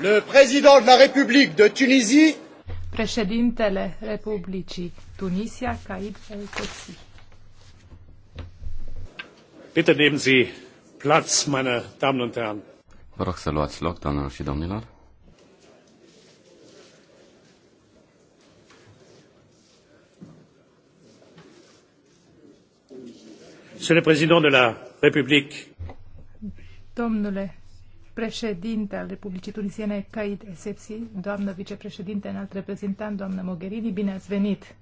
Le président de la République de Tunisie. Președintele Republicii Tunisia, Caid El Kotsi. Bitte nehmen Sie Platz, meine Damen und Herren. Vă rog să luați loc, doamnelor și domnilor. Monsieur le Président de la République. Domnule președinte al Republicii Tunisiene, Caid Esepsi, doamnă vicepreședinte, înalt reprezentant, doamnă Mogherini, bine ați venit!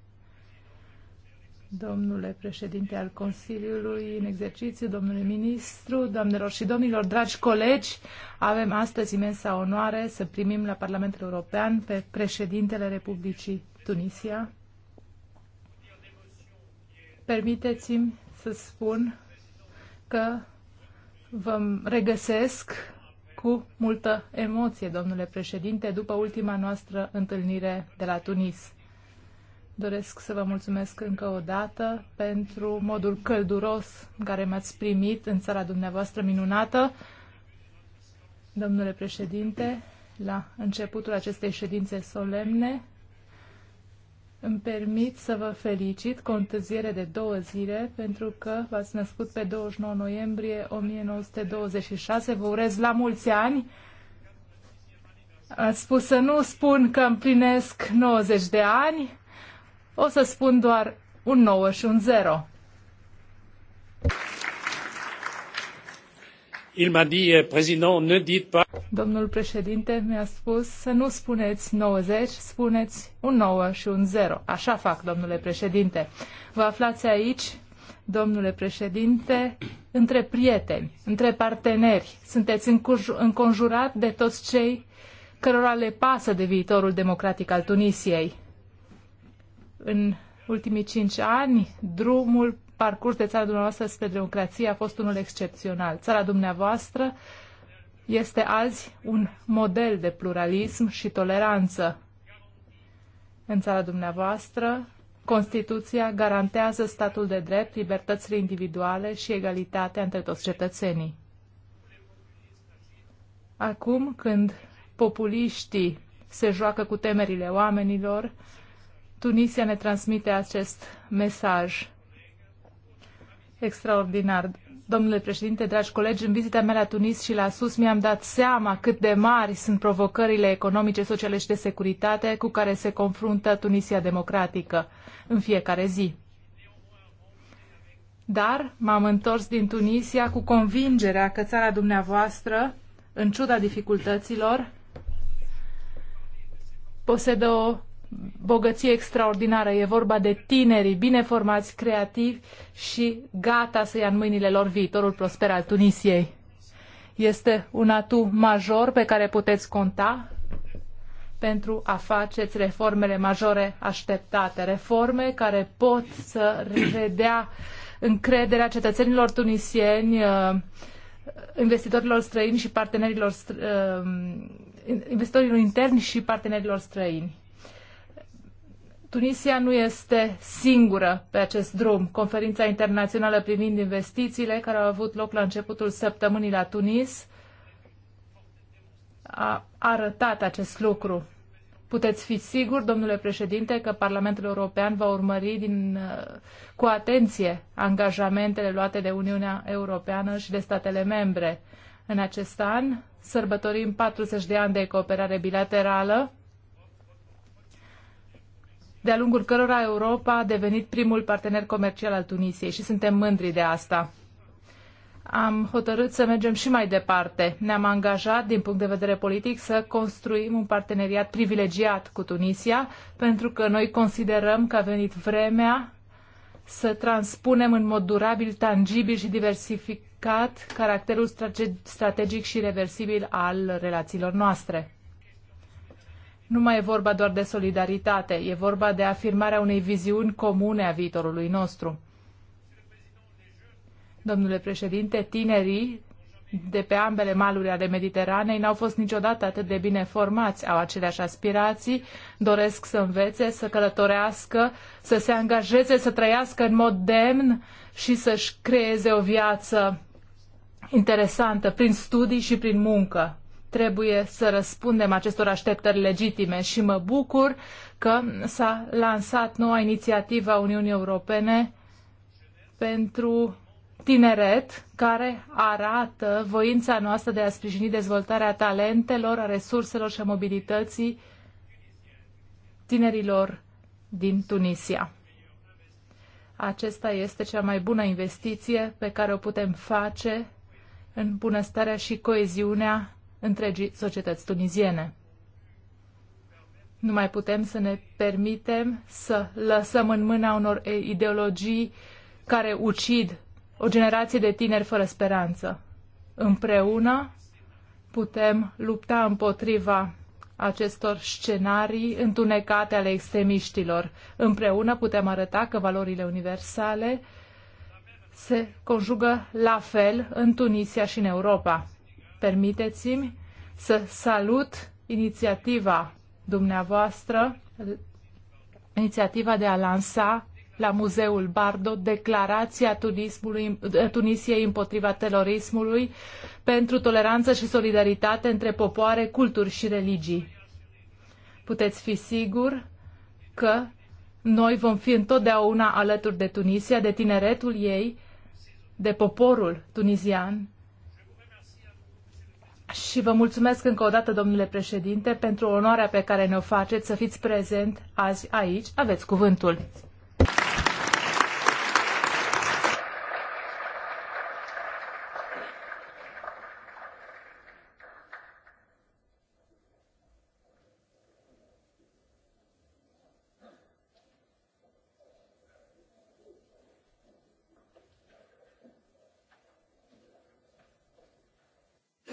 Domnule președinte al Consiliului în exercițiu, domnule ministru, doamnelor și domnilor, dragi colegi, avem astăzi imensa onoare să primim la Parlamentul European pe președintele Republicii Tunisia. Permiteți-mi să spun că vă regăsesc cu multă emoție, domnule președinte, după ultima noastră întâlnire de la Tunis. Doresc să vă mulțumesc încă o dată pentru modul călduros în care m-ați primit în țara dumneavoastră minunată. Domnule președinte, la începutul acestei ședințe solemne, îmi permit să vă felicit cu o întârziere de două zile pentru că v-ați născut pe 29 noiembrie 1926. Vă urez la mulți ani. Ați spus să nu spun că împlinesc 90 de ani. O să spun doar un 9 și un 0. Il m-a dit, euh, président, ne dites pas... Domnul președinte mi-a spus să nu spuneți 90, spuneți un 9 și un 0. Așa fac, domnule președinte. Vă aflați aici, domnule președinte, între prieteni, între parteneri. Sunteți înconjurat de toți cei cărora le pasă de viitorul democratic al Tunisiei. În ultimii cinci ani, drumul parcurs de țara dumneavoastră spre democrație a fost unul excepțional. Țara dumneavoastră este azi un model de pluralism și toleranță. În țara dumneavoastră, Constituția garantează statul de drept, libertățile individuale și egalitatea între toți cetățenii. Acum, când populiștii se joacă cu temerile oamenilor, Tunisia ne transmite acest mesaj extraordinar. Domnule președinte, dragi colegi, în vizita mea la Tunis și la Sus mi-am dat seama cât de mari sunt provocările economice, sociale și de securitate cu care se confruntă Tunisia democratică în fiecare zi. Dar m-am întors din Tunisia cu convingerea că țara dumneavoastră, în ciuda dificultăților, posedă o bogăție extraordinară. E vorba de tinerii bine formați, creativi și gata să ia în mâinile lor viitorul prosper al Tunisiei. Este un atu major pe care puteți conta pentru a faceți reformele majore așteptate. Reforme care pot să redea încrederea cetățenilor tunisieni, uh, investitorilor străini și partenerilor străini, uh, investitorilor interni și partenerilor străini. Tunisia nu este singură pe acest drum. Conferința internațională privind investițiile, care a avut loc la începutul săptămânii la Tunis, a arătat acest lucru. Puteți fi sigur, domnule președinte, că Parlamentul European va urmări din, cu atenție angajamentele luate de Uniunea Europeană și de statele membre. În acest an sărbătorim 40 de ani de cooperare bilaterală de-a lungul cărora Europa a devenit primul partener comercial al Tunisiei și suntem mândri de asta. Am hotărât să mergem și mai departe. Ne-am angajat, din punct de vedere politic, să construim un parteneriat privilegiat cu Tunisia, pentru că noi considerăm că a venit vremea să transpunem în mod durabil, tangibil și diversificat caracterul strategic și reversibil al relațiilor noastre. Nu mai e vorba doar de solidaritate, e vorba de afirmarea unei viziuni comune a viitorului nostru. Domnule președinte, tinerii de pe ambele maluri ale Mediteranei n-au fost niciodată atât de bine formați, au aceleași aspirații, doresc să învețe, să călătorească, să se angajeze, să trăiască în mod demn și să-și creeze o viață interesantă prin studii și prin muncă trebuie să răspundem acestor așteptări legitime și mă bucur că s-a lansat noua inițiativă a Uniunii Europene pentru tineret care arată voința noastră de a sprijini dezvoltarea talentelor, a resurselor și a mobilității tinerilor din Tunisia. Acesta este cea mai bună investiție pe care o putem face în bunăstarea și coeziunea întregii societăți tuniziene. Nu mai putem să ne permitem să lăsăm în mâna unor ideologii care ucid o generație de tineri fără speranță. Împreună putem lupta împotriva acestor scenarii întunecate ale extremiștilor. Împreună putem arăta că valorile universale se conjugă la fel în Tunisia și în Europa permiteți-mi să salut inițiativa dumneavoastră, inițiativa de a lansa la Muzeul Bardo declarația eh, Tunisiei împotriva terorismului pentru toleranță și solidaritate între popoare, culturi și religii. Puteți fi sigur că noi vom fi întotdeauna alături de Tunisia, de tineretul ei, de poporul tunizian și vă mulțumesc încă o dată, domnule președinte, pentru onoarea pe care ne-o faceți să fiți prezent azi aici. Aveți cuvântul.